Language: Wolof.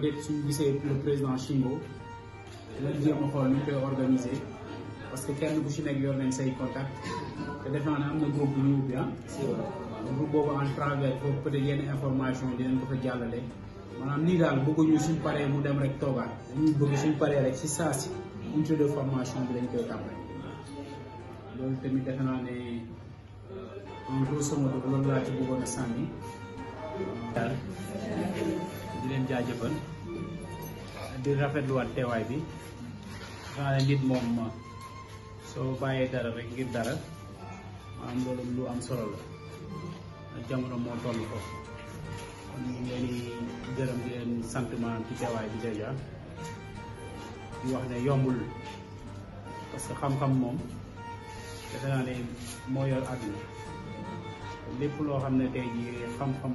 peut-être suñu gisee le président Shingo dinañ jéem a xool ñu koy organiser parce que kenn bu ci nekk yor nañ say contact te defe naa ne am na groupe bu ñu ubbi ah. groupe boobu en travers foofu peut yenn information dinañ ko fa jàllale maanaam lii daal bëgguñu suñ paree mu dem rek toogaat dañuy bëgg suñ paree rek si saa si unité de formation bi lañ koy tàmbali loolu tamit defe naa ne en grosso modo loolu laa ci bëggoon a sànni. leen jaajëfal di rafetluwaat teewaay bi xanaa ne nit moom soo bàyyee dara rek ngir dara maanaam ah, lu am solo la jamono moo toll ko leen di gërëm leen sant maanaam ci teewaay bi déjà di wax ne yombul parce que xam-xam moom defe naa ne moo yor àdduna lépp loo xam ne tey jii xam-xam.